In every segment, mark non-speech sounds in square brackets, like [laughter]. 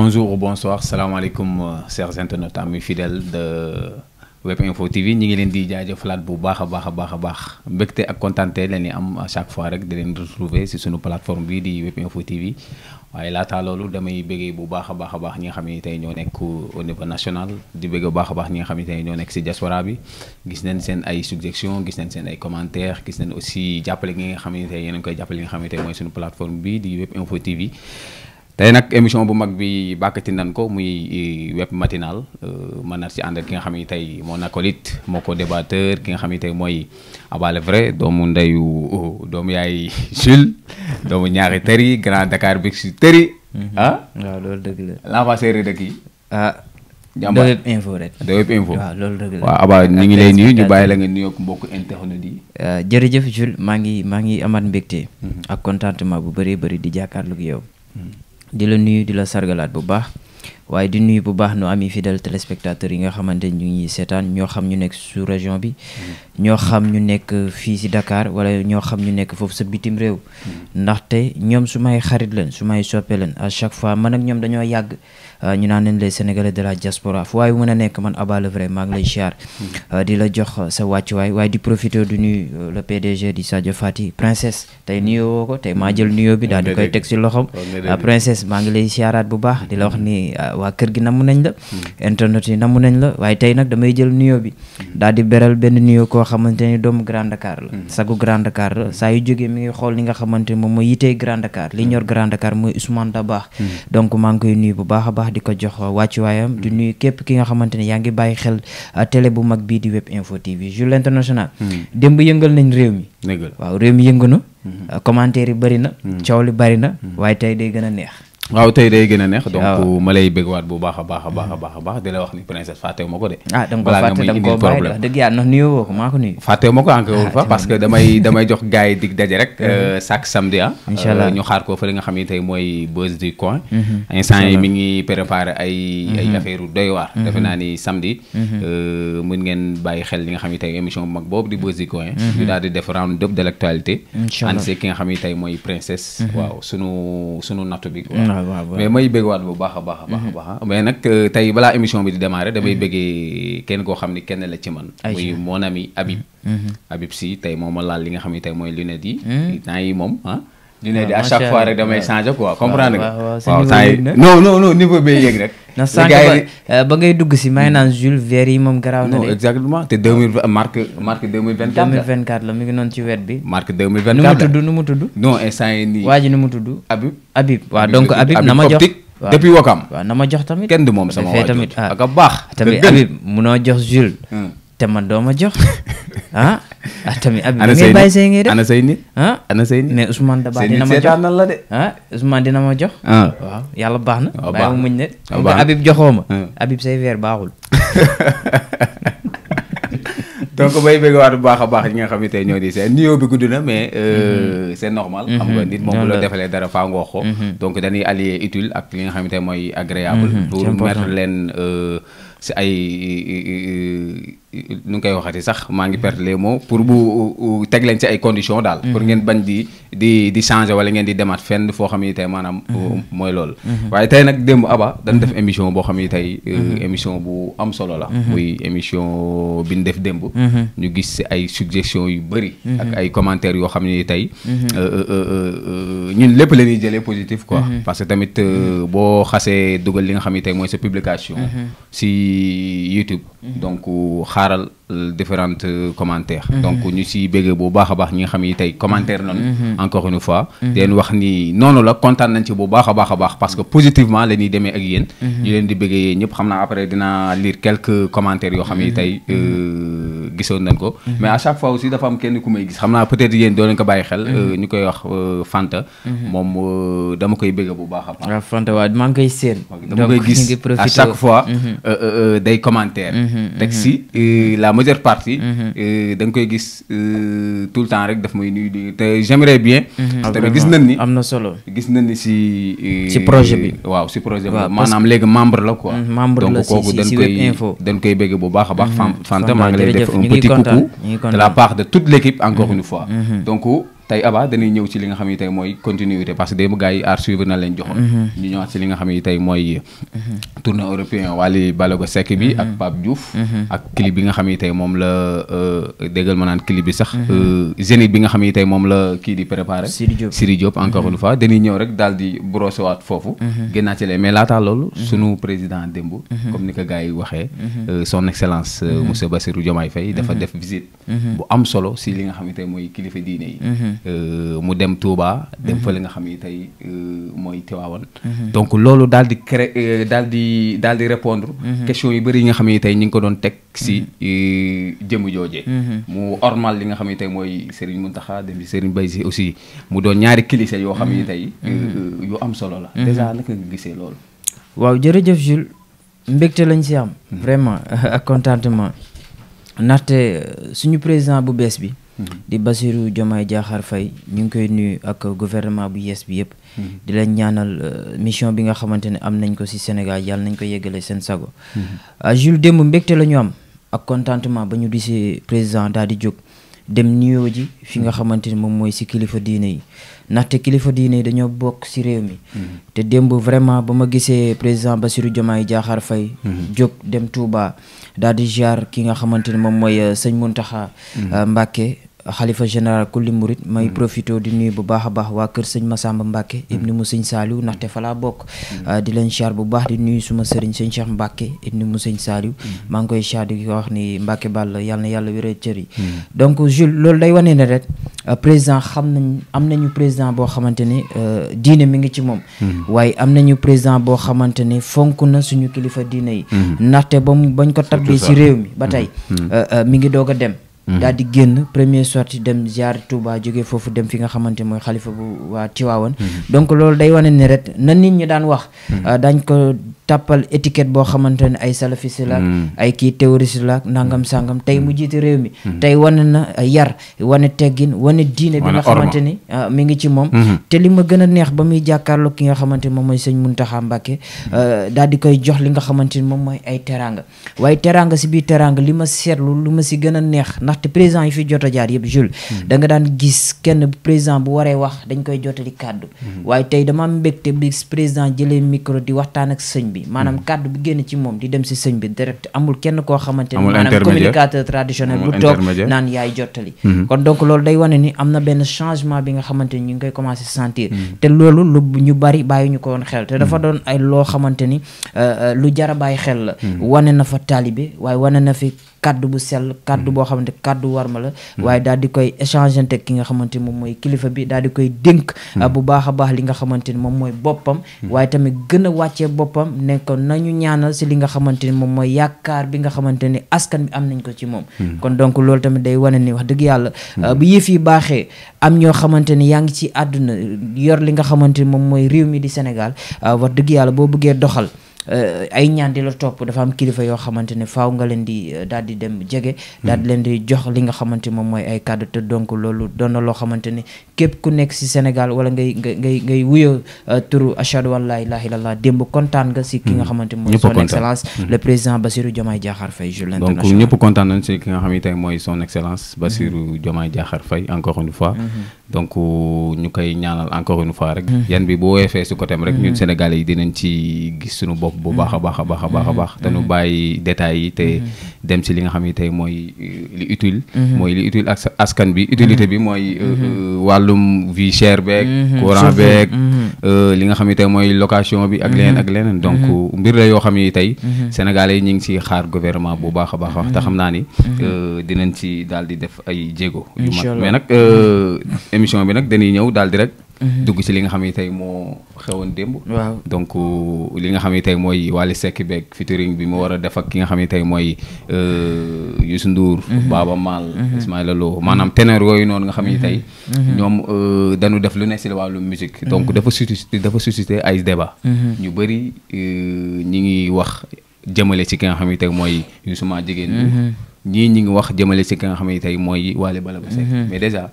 bonjour ou bonsoir salaamaaleykum euh, chers internautes amis fidèles de Web Info TV ñi ngi leen di jaajëfalaat bu baax a baax a baax a ak kontaante leen di am à chaque fois rek di leen retrouver ci suñu plateforme bi di Web Info TV waaye laataa loolu damay bëggee bu baax a baax a baax ñi nga xam ne tey ñoo nekk au niveau national di bëgg bu baax a baax ñi nga xam ne tey ñoo nekk ci diaspora bi gis nañ seen ay suggestion gis nañ seen ay commentaires gis nañ aussi jàppale gi nga xam ne yéen a koy jàppale nga xam ne mooy suñu plateforme bi di Web Info TV tey nag émission bu mag bi bàkkati nan ko muy eh, web matinal euh, ma nar ci ànd ak ki nga xam ne tey moo acolyte moo ko ki nga xam ne tey mooy Aba le vrai doomu ndeyu oh, doomu yaay [laughs] Jules doomu ñaari tëri Grand Dakar bi si tëri. Mhm. ah waaw loolu dëgg la. l'enfant séeréer dëkk yi. ah. jàmbaar de web info rek. de web info waaw loolu dëgg la. waaw Aba ñu ngi lay nuyu ñu bàyyi la nga nuyoog mbokk internet yi. Ah, jërëjëf Jules maa ngi maa ngi amaat mbégte. Mhm. ak contentement bu bëree bëri di jàkkaarloog yow. Mhm. di la nuyu di la sargalaat bu baax waaye di nuyu bu baax nu ami fidèle téléspectateurs yi nga xamante ñu ngi seetaan ñoo xam ñu nekk sous région bi mm-hmm. ñoo xam ñu nekk fii si Dakar wala ñoo xam ñu nekk foofu sa bitim réew mm-hmm. ndaxte ñoom su may xarit leen su may soppee leen à chaque fois man ak ñoom dañoo yàgg euh, ñu naan leen les sénégalais de la diaspora fu waaye mën a nekk man Aba le vrai maa ngi lay siyaar mm-hmm. euh, di la jox sa wàccuwaay waaye di profité du nuyu euh, le PDG di Sadio Fati princesse tey nuyoo woo maa jël nuyoo bi daal di koy si loxom maa ngi lay siyaaraat bu baax di la wax ni waa kër gi namu nañ la hmm. internet yi namu nañ la waaye tey nag damay jël nuyo bi hmm. daal di beral benn nuyo koo xamante ni doomu grande Dakar la hmm. sagu Grand Dakar la saa yu jógee mi ngi xool li nga xamante ni moom mooy yitee Grand Dakar li ñor Grand Dakar mooy Ousmane baax donc maa ngi koy nuyu bu baax a baax di ko jox wàccuwaayam di nuy képp ki nga xamante ne yaa ngi bàyyi xel ah, télé bu mag bii di Web Info TV Journal International démb yëngal nañ réew mi waaw réew mi yëngu na ah, commentaire yi bëri na coow li bëri na waaye tey day gën a neex waaw tey day gën a neex. donc ma lay bëgg waat bu baax a baax a baax a baax a baax di la wax ni princesse fàttewu ma ko a ah da nga ko fàtte da nga koo bàyyi wax dëgg yàlla ndax nuyoo woo li nga xam ne tey mhm. mi ngi préparé ay mhm. mhm. euh, di buzz de l'actualité. incha ki nga xam ne tey mooy princesse. waaw sunu sunu nattu mais may bëggewaat bu baax a baax a baax a mm-hmm. baax ah. mais nag euh, tey balaa émission bi di démarrer damay mm-hmm. bëggee kenn koo xam ni kenn la ci man muy mon ami Habib mm-hmm. si tey moom laal li nga xam ne tey mooy lunettes yi temps moom ah. di ne di à chaque fois rek damay changer quoi nga. waaw waaw non non non niveau bay rek. na [laughs] sànq ba euh, ba ngay dugg si may naan Jules Verre yi moom garaaw na de. non exactement te deux mille marque mu deux mille vingt quatre la deux mille vingt quatre la mi ngi noonu ci wet bi. marque deux mille vingt quatre la nu mu tudd nu mu tudd. non instant yii nii. waa ji nu mu tudd. Habib Habib waaw donc Habib na ma jox waaw depuis Wakam. na ma jox tamit. kenn du moom sama waajur tamit ah. ak baax. tamit Habib jox Jules. Hmm. te man doo ma jox ah. ah tamit ab mi bàyyi say ngay def ana say nit ana say nit mais Ousmane Daba dina ma jox dina ma jox waaw yàlla baax na ah, bàyyi ne xam nga Habib ma ah. Habib say weer baaxul [laughs] donc bay bëgg baax a baax ñi nga xam ne tey ñoo di seen nuyoo mais euh, mm-hmm. c' est normal mm-hmm. xam nga nit dara faa nga wax ko mm-hmm. donc dañuy allier utile ak li nga xam ne mooy agréable pour mettre leen euh, si ay euh, nu ngi koy waxati sax maa ngi perdre les mots pour bu teg leen si ay conditions daal. pour ngeen bañ di di di changer wala ngeen di demaat fenn foo xam ni tey maanaam. Mhm. Euh, mooy lool mhm. waaye tey nag démb Aba dañ def mhm. émission boo xam ni tey euh, émission bu am solo la. émission bi ñu def démb. ñu gis si ay suggestions yu bëri. ak ay commentaires yoo xam ni tey. Euh, ñun lépp la ñuy jëlee positif quoi. parce que tamit boo xasee dugal li nga xam ni tey mooy sa publication. si YouTube donc. xaaral différentes euh, commentaires mhm. donc ñu si béggee bu baax a baax ñi nga xam ni tey commentaire noonu mhm. encore une fois mhm. leen wax ni noonu la kontaan nañ ci bu baax a baax a baax parce que positivement la demee ak yéen ñu leen di béggee yéen ñëpp xam naa après dinaa lire quelques commentaires yoo xam ni tey euh, gisoon nañ ko mais à chaque fois aussi dafa am kenn ku may gis xam naa peut-être doo leen ko bàyyi xel euh, ñu koy wax Fanta moom dama koy béggee bu baax a baax Fanta waaw maa ngi koy seen dama koy gis à chaque fois majeure mm-hmm. da nga koy gis euh, tout le temps rek daf may nuyu di te j'aimerais bien. Mm-hmm. tamit gis nañ ni am na solo gis nañ ni si. Euh, si projet bi waaw si projet bi. maanaam léegi membre la quoi. Mm, membre la si donc kooku dañ koy dañ koy bëgg bu baax a baax. Mm-hmm. Fanta maa ngi lay def un petit coucou de la part de tey Aba dañuy ñëw ci li nga xam ne tey mooy continuité parce que démb gars yi aar suivre na leen joxoon. Mm-hmm. ñu ñëwaat ci li nga xam ne tey mooy. Mm-hmm. tournée européen Wally Ballago Seck bi ak mm-hmm. Pape Diouf. ak clip bi nga xam ne tey moom la euh, déggal ma naan clip bi sax. Zénith euh, bi nga xam ne tey moom la kii di préparé. Sidi Diop Sidi Diop encore une fois dañuy ñëw rek daal di brosser waat foofu. génnaa ci leen mais laataa loolu. sunu président démb. comme ni ko gars yi waxee. Euh, son excellence monsieur Bassirou Diomaye fay dafa def visite. bu am solo si li nga xam ne mooy kilifa diine Euh, mu dem Touba. dem mhm. fa li nga xam ni tey euh, mooy Tiwaawan. Mhm. donc loolu daal di créer euh, daal di daal di répondre. Mhm. questions yu bëri yi nga xam ni tey ñu ngi ko doon teg si jëmm jooje. mu ormal li nga xam ni tey mooy Serigne taxa dem si Serigne Baye si aussi mu doon ñaari kilise yoo xam ni tey. yu am solo la. déjà naka nga gisee loolu. waaw jërëjëf Jules mbégte lañ si am. vraiment [laughs] ak contentement. ndaxte suñu président bu bees bi. Mhm. di Bassirou Diomaye Diakhar fay ñu ngi koy nuyu ak gouvernement bu yees bi yëpp. Mhm. di leen ñaanal euh, mission bi nga xamante ne am nañ ko ci Sénégal yàlla nañ ko yeggale seen sago. Mhm. Ah, Jules démb mbégte la ñu am ak contentement ba ñu di président daal di jóg. dem nuyoo ji fi nga xamante ni moom mooy si kilifa diine yi ndaxte kilifa diine dañoo bokk si réew mi. te démb vraiment ba ma gisee président Bassirou Diomaye Diakhar Faye. jóg dem Touba daal di ziar ki nga xamante ni moom mooy euh, sëñ Mountakha euh, Mbacké. xalifa général kulli murit may mm. profité di nuyu bu baax a baax waa kër sëñ Massamba Mbacke mm. ibni mu sëñ Saliou ndaxte falaa bokk mm. ah, di leen char bu baax di nuyu suma sëriñ sëñ Cheikh Mbacke ibni mu sëñ Saliou maa ngi koy char di ko wax ni Mbacke Ball yàlla na yàlla wéree cër yi donc Jules loolu day wane ne rek euh, président xam na am nañu président boo xamante ne euh, diine mi ngi ci moom waaye am na ñu président boo xamante ne fonk na suñu kilifa diine yi ndaxte ba bañ ko tabbee ci réew mi ba tey euh, mi ngi doog a Mm-hmm. daal di génn premier sortie dem ziar Touba jógee foofu dem fi nga xamante mooy xalifa bu waa Tiwaawan mm-hmm. donc loolu day wane ni rek na nit ñi daan wax mm-hmm. euh, dañ ko tàppal étiquette boo xamante ne ay salafiste la ay kii terroriste la nangam sangam tey mu jiite réew mi tey wane na yar wane teggin wane diine bi nga xamante ni euh, mu ngi ci moom te li ma gën a neex ba muy jàkkaarloo ki nga xamante ni moom mooy sëñ Muntaxa Mbàkke euh, daal di koy jox li nga xamante ni moom mooy ay teranga te président yi fi jot a jaar yëpp Jules hmm. da nga daan gis kenn président bu waree wax dañ koy jotali kàddu hmm. waaye tey dama mbégte bi président jëlee micro di waxtaan ak sëñ bi hmm. maanaam kàddu bi génn ci moom di dem si sëñ bi direct amul kenn koo xamante ne maanaam communicateur traditionnel bu toog naan yaay jottali kon donc loolu day wane ni am na benn changement bi nga xamante ni ñu ngi koy commencé sentir te loolu lu ñu bari bàyyi ñu ko woon xel te dafa doon ay loo xamante ni euh, euh, lu jara bàyyi xel la wane na fa taalibe waaye wane na fi kaddu bu sel kaddu hmm. boo xamante kaddu war ma la hmm. waaye daal di koy échanger teg ki nga xamante ni moom mooy kilifa bi daal di koy dénk hmm. bu baax a baax li nga xamante ni moom mooy boppam waaye tamit gën a wàccee boppam ne ko nañu ñaanal si li nga xamante ni moom mooy yaakaar bi nga xamante ni askan bi am nañ ko ci moom kon donc loolu tamit day wane ni wax dëgg yàlla uh, bu yëf yi baaxee am ñoo xamante ni yaa ngi ci àdduna yor li nga xamante ni moom mooy réew mi di Sénégal uh, wax dëgg yàlla boo buggee doxal Eh, ay ñaan di la topp dafa am kilifa yoo xamante ne faaw nga leen di eh, daal di dem jege. Hmm. daal di leen di jox li nga xamante moom mooy ay kàddu te donc loolu doon na loo xamante ne képp ku nekk si Sénégal wala ngay ngay ngay eh, turu ashadu an laa démb kontaan nga si ki nga hmm. xamante mooy son excellence hmm. le président Bassirou Diomaye Diakhar kontaan nañ si ki nga xam ne tey mooy son excellence Bassirou Diomaye Diakhar Faye encore une fois donc ñu koy ñaanal encore une fois rek yan bi boo weefee si côté rek ñun Sénégalais yi dinañ ci gis suñu bopp bu baax a baax a baax a baax a baax te mm-hmm. ñu bàyyi détails yi te mm-hmm. dem si li nga xam ne tey mooy euh, li utile mm-hmm. mooy li utile ak askan bi utilité bi mooy euh, euh, wàllum vie chère beeg courant beeg li nga xam ne mooy location bi ak leneen ak leneen donc mbir la yoo xam ne tey sénégalais yi ñu ngi si xaar gouvernement bu baax a baax a te xam naa ni dinañ ci daal di def ay jéego yu mag mais émission bi nag dañuy ñëw daal di rek Mm-hmm. dugg ci li nga xam ne tey moo xewoon démb. donc li nga xam ne tey mooy Wally Seck beeg featuring bi mu war a def ak ki nga xam ne tey mooy euh, Youssou Ndour. Mm-hmm. Baaba Maal mm-hmm. Ismaïla Lo maanaam ténor yooyu noonu nga xam ne tey. ñoom euh, dañu def lu ne si wàllu musique. donc dafa suscité dafa suscité ay débat ñu bëri euh, ñi ngi wax jëmale ci ki nga xam yi tey mooy Youssou jigéen ñii ñi ngi wax jëmale ci ki xam ne tey mooy Wally Ballago mais déjà.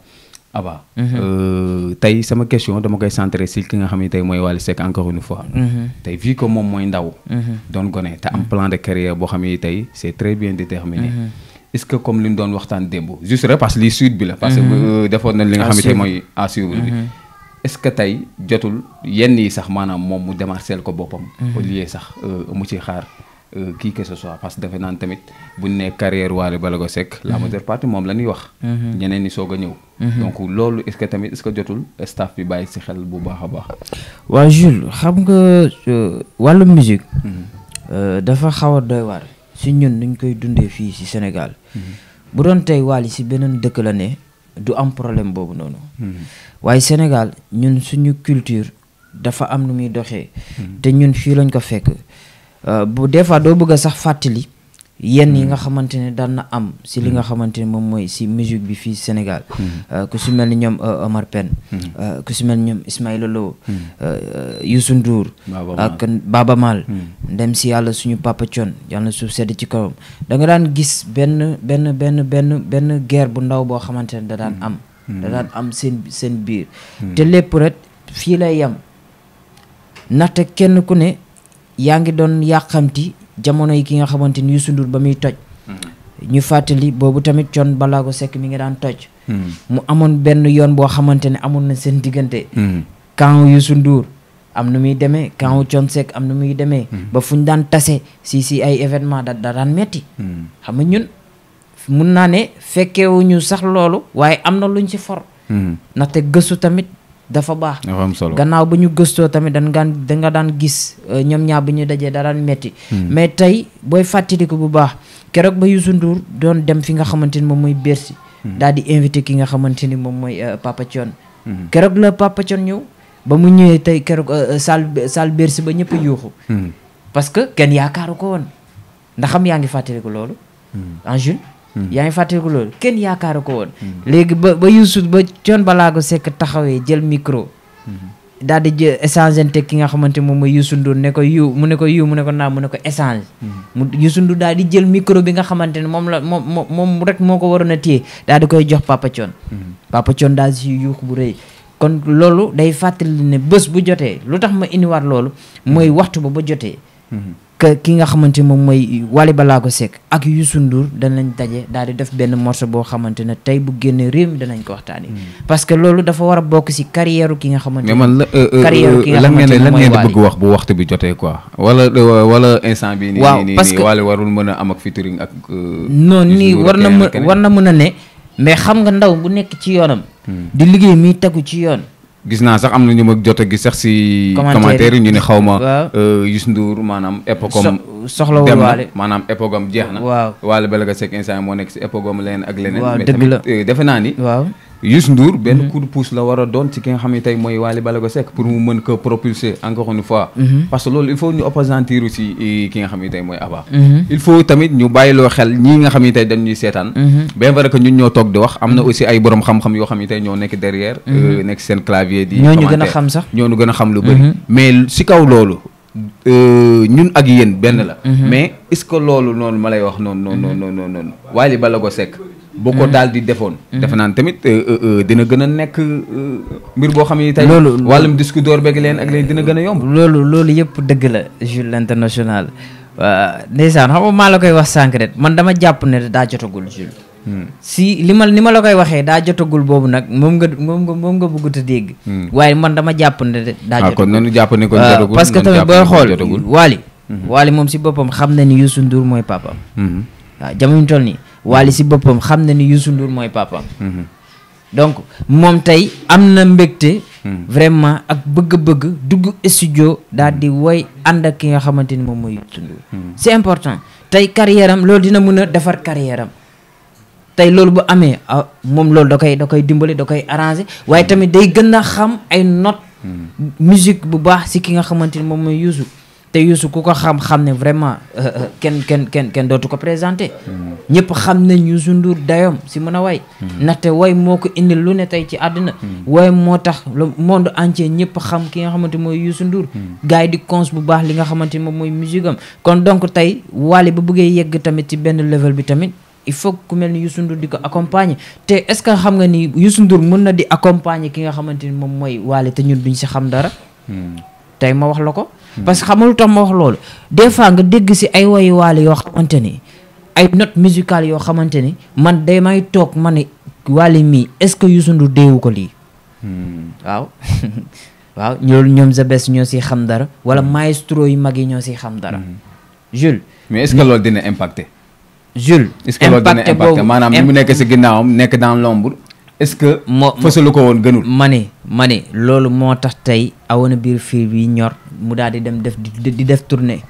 Abba. Mhm. Euh, tey sama question dama koy centré si nga xam ne tey mooy Wally Seck encore une mhm. tey vu que moom mooy ndaw. Mhm. doon gone te am plan de carrière boo xam ne tey c' est très bien déterminé. est ce que comme li ñu doon waxtaan démb juste rek parce que lii suite bi la. parce que euh, defoon nañ li nga xam ne tey mooy à bi. est ce que tey jotul yenn yi sax maanaam moom mu démarcel ko boppam. au lieu sax euh, mu ci xaar. Euh, kii que ce soit parce que defe naan tamit bu ñu nee carrière Wally Ballago Seck la mhm. majeure partie moom la ñuy wax. Mhm. ñeneen ñi soog ñëw. Mhm. donc loolu est que tamit est-ce que jotul staff bi bàyyi ci xel bu baax a baax. waaw Jules xam nga euh, wàllu musique. Euh, dafa xaw a doy waar si ñun nuñ koy dundee fii si Sénégal. bu doon tey Wally si beneen dëkk la ne du am problème boobu noonu. waaye Sénégal ñun suñu culture dafa am nu muy doxee. te ñun fii lañ ko fekk. Euh, bu des fois doo bëgg sax fàttali yenn yi hmm. nga xamante ne daan na am si li nga hmm. xamante ne moom mooy si musique bi fii Sénégal hmm. euh, ku si mel ni ñoom euh, Omar Pène ku si mel ni ñoom Ismaïla Lo Youssou Ndour ak Baaba Maal ndem si yàlla suñu Papa Thione yàlla na suuf sedd ci kawam danga daan gis benn benn benn benn benn geer bu ndaw boo xamante ne da daan am da daan am seen seen biir te lépp rek fii lay yem ndaxte kenn ku ne yaa ngi doon yàqamti jamono yi ki nga xamante ni Youssou Ndour ba muy toj hmm. ñu fàttali boobu tamit Thione Ballago Seck mi ngi daan toj hmm. mu amoon benn yoon boo xamante ne amoon na seen diggante quand hmm. Youssou Ndour am nu muy demee quand Thione Seck am na muy demee ba fu ñu daan tase si si ay événement da da daan metti xam nga ñun mun naa ne ñu sax loolu waaye am na luñ ci for ndaxte gëstu tamit dafa baax dafa am solo gannaaw ba ñu gëstoo tamit dan gaan da nga daan gis euh, ñoom ñaar bu ñu dajee da daan metti hmm. mais tey booy fàttaliku bu baax keroog ba Youssou Ndour doon dem fi nga xamante ni moom mooy Bercy hmm. daal di invité ki nga xamante ni moom mooy euh, Papa Thione hmm. keroog la Papa Thione ñëw ba mu ñëwee tey keroog saal euh, saal Bercy ba ñëpp yuuxu parce que kenn yaakaaru ko woon ndax yaa ngi fàttaliku loolu en Hmm. yaa ngi fàtteeku loolu kenn yaakaar ko woon. Hmm. léegi ba ba Youssou ba balaa ko sekk taxawee jël micro. Hmm. daal di jël échange ki nga xamante moom mooy Youssou Ndour ne mu ne ko yu mu ne naa mu ne ko échange. mu Youssou daal di jël micro bi nga xamante ne moom la moom moom rek moo ko waroon a téye daal di koy jox Papa Thione. Papa Thione daal si yuux bu rëy. kon loolu day fàttali ne bés bu jotee lu tax ma indiwaat loolu mooy waxtu ba ba jotee. ki nga xamante moom mooy Wally Ballago Seck ak Youssou Ndour danañ daje daal di def benn morceau boo xamante ne tey bu génne réew mi danañ ko waxtaanee. Hmm. parce que loolu dafa war a bokk si carrière ki nga xamante ne. mais man la euh, euh, carrière ki nga euh, xamante ne lan ngeen di bëgg wax bu waxtu bi jotee ko wala wala instant bi nii nii nii warul mën a am ak featuring ak. non nii war na mën war na mën a ne. mais xam nga ndaw bu nekk ci yoonam. Hmm. di liggéey mi tegu ci yoon. gis naa sax am na ñu ma jot a gis sax si. commentaire yi ñu ne xaw ma. [laughs] Euh, Youssou Ndour maanaam. epogom soxlawul waale maanaam epogom jeex na. waaw waale Balaga Seck instant moo nekk si epogom leneen ak leneen. waaw dëgg la euh, defe naa ni. Youssou Ndour benn coup pouce la war a doon ci ki nga xam ne tey mooy Wally Ballago Seck pour mu mën ko propulser encore une fois parce loolu il faut ñu opposantir aussi ki nga xam ne tey mooy Abba il faut tamit ñu bàyyiloo xel ñii nga xam ne tey dañuy seetaan bien vrai que ñun ñoo toog di wax am na aussi ay borom xam-xam yoo xam ne tey ñoo nekk derrière nekk seen clavier di ñoo ñu gën a xam sax ñoo ñu gën a xam lu bëri mais si kaw loolu ñun ak yéen la mais est-ce que loolu noonu boo ko mm-hmm. daal di defoon. Mm-hmm. defe naan tamit euh, euh, euh, dina gën a nekk mbir boo xam ne tey. loolu wàllum disque door beg leen ak leen dina gën a yomb. loolu loolu yëpp dëgg la Jules International ndeysaan xam nga maa la koy wax sànq man dama jàpp ne daa jotagul Jules. Hmm. si li ma ni ma la koy waxee daa jotagul boobu nag moom nga moom nga moom nga bëggut a dégg. Hmm. waaye man dama jàpp ne daa ah, jotagul kon nañu jàpp ne kon jotagul parce que tamit booy xool Wally. Hmm. Wally moom si boppam xam na ni Youssou Ndour mooy papaam. waaw jamono toll nii. Wally si boppam xam na ni Youssou Ndour mooy papaam. Mhm. donc moom tey am na mbégte. Mhm. vraiment ak bëgg-bëgg dugg studio daal di woy ànd ak ki nga xamante ni moom mooy Youssou Ndour. Mhm. c'est important tey carrière loolu dina mën a defar carrière tey loolu bu amee ah, moom loolu da koy da koy dimbali da koy arrangé waaye tamit day gën a xam ay notes. musique bu baax si ki nga xamante ni moom mooy Youssou. te Youssou ku ko xam-xam ne vraiment euh, euh, kenn kenn kenn kenn dootu ko présenté mm. ñëpp xam nañ Youssou Ndour dayoom si mën a way mm. ndaxte way moo ko indil lu ne tey ci àddina mm. way moo tax le monde entier ñëpp xam ki nga xamante mooy Youssou gars yi di cons bu baax li nga xamante ni moom mooy musique am kon donc tey Wally ba bëggee yegg tamit ci benn level bi tamit il faut ku mel ni Youssou Ndour di ko accompagner te est-ce que xam nga ni Youssou Ndour mën na di accompagner ki nga xamante ni moom mooy Wally te ñun duñ si xam dara tey ma wax la ko. parce que xamul tax ma wax loolu des fois nga dégg si ay woyuwaale yoo xamante ni ay note musicale yoo xamante ni man day may toog ma ne waale mii est-ce que Youssou Ndour deewu ko lii. waaw [laughs] waaw loolu ñoom The Best ñoo siy xam dara wala hmm. maestro yu mag yi ñoo siy xam dara. Hmm. Jules. mais est-ce que hmm. loolu dina impacté. Jules. impacté boobu maanaam ni mu nekk si ginnaawam nekk dans l'ombre est-ce que moo fësalu ko woon gënul ma ne loolu moo tax tey awoon na biir fii bii ñor mu daal di dem def di def tournée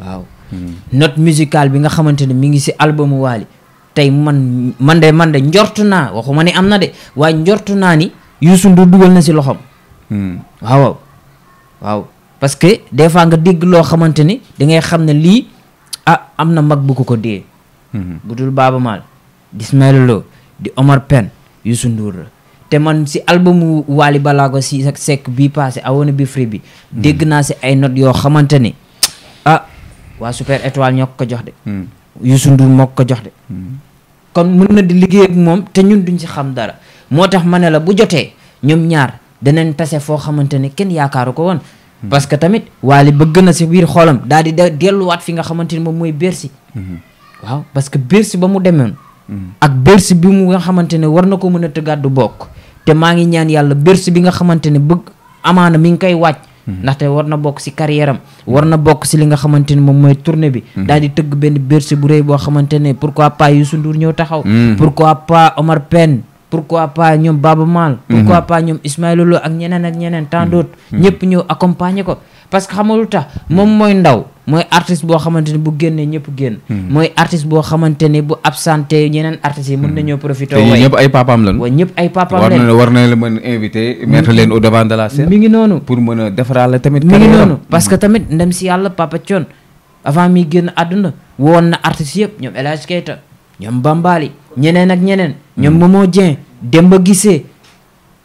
waaw hmm. note musicale bi nga xamante ne mi ngi si albumu Wally tey man man de man de njort naa waxuma ne am na de waaye njortu naa ni Youssou Ndour dugal na si loxoom hmm. waaw waaw parce que des fois nga dégg loo xamante ni da xam ne lii a ah, am na mag bu ko ko dee hmm. bu dul Baaba Maal di Ismaël Lo di Omar Pène Youssou Ndour la te man si waali balaa ko si Seck bi passé I Wanna Be Free bi hmm. dégg naa si ay not yoo xamante ni ah waa Super Étoile ñoo ko jox de hmm. Youssou Ndour moo ko jox de hmm. kon mën na di liggéey ak moom te ñun duñ si xam dara moo tax ma ne la bu jotee ñoom ñaar deneen tase foo xamante ne kenn yaakaaru ko woon parce que tamit Wally bëgg na si biir xoolam daal di delluwaat fi nga xamante ni moom mooy Bercy waaw parce que ba mu demoon ak berse bi mu nga xamante ne war na ko mën a tëggaat du bokk te maa ngi ñaan yàlla berse bi nga xamante ne bëgg amaana mi ngi koy wàcc mm-hmm. ndaxte war na bokk si carrière am war na bokk si li nga xamante ne moom mooy tournée bi mm-hmm. daal di tëgg benn berse bu rëy boo xamante ne pourquoi pas Youssou Ndour ñëw taxaw pour mm-hmm. pourquoi pas Omar pour quoi pas ñoom Baba Maal pourquoi pas ñoom Ismaïla Lo ak ñeneen ak ñeneen tant d'autres ñëpp ñëw accompagner ko parce que xam nga lu tax moom mooy ndaw mooy artiste boo xamante ne bu génnee ñëpp génn. Hmm. mooy artiste boo xamante ne bu absenté ñeneen artistes yi mën hmm. nañoo profité. te ñëpp ay papaam lañu. waaw ñëpp ay papaam lañu war na war na mën invité. mettre hmm. leen au devant de la scène. mi noonu tamit. mi ngi noonu parce que tamit ndem si yàlla papa Thione avant mi génn adduna woon na artistes yëpp ñoom El Hadj Keita ñoom Bambali ñeneen ak ñeneen. ñoom Momo Dieng ba gisee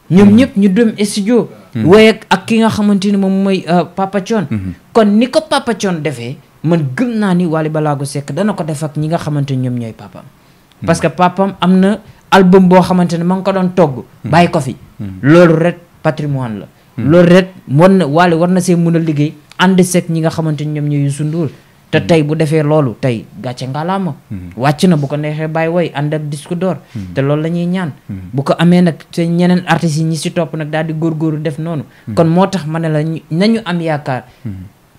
ñoom ñëpp ñu dem studio. Hmm. woy ak ki nga xamante ni moom mooy euh, Papa Thione hmm. kon ni ko Papa Thione defee man gëm naa ni balaa Ballago Seck dana ko def ak ñi nga xamante ni ñoom ñooy papam hmm. parce que papam am na album boo xamante ne ma nga ko doon togg bàyyi ko fi loolu rek patrimoine la loolu rek war na Wally war na see mun a liggéey ànd seeg ñi nga xamante ni ñoom ñooy Youssou Ndour te hmm. tey bu defee loolu tey gàcce ngalaama hmm. wàcc na bu ko neexee bàyyi woy ànd ak disque door hmm. te loolu la ñuy ñaan bu ko amee nag te ñeneen artistes yi ñi si topp nag daal di góorgóorlu def noonu kon moo tax ma ne la nañu am yaakaar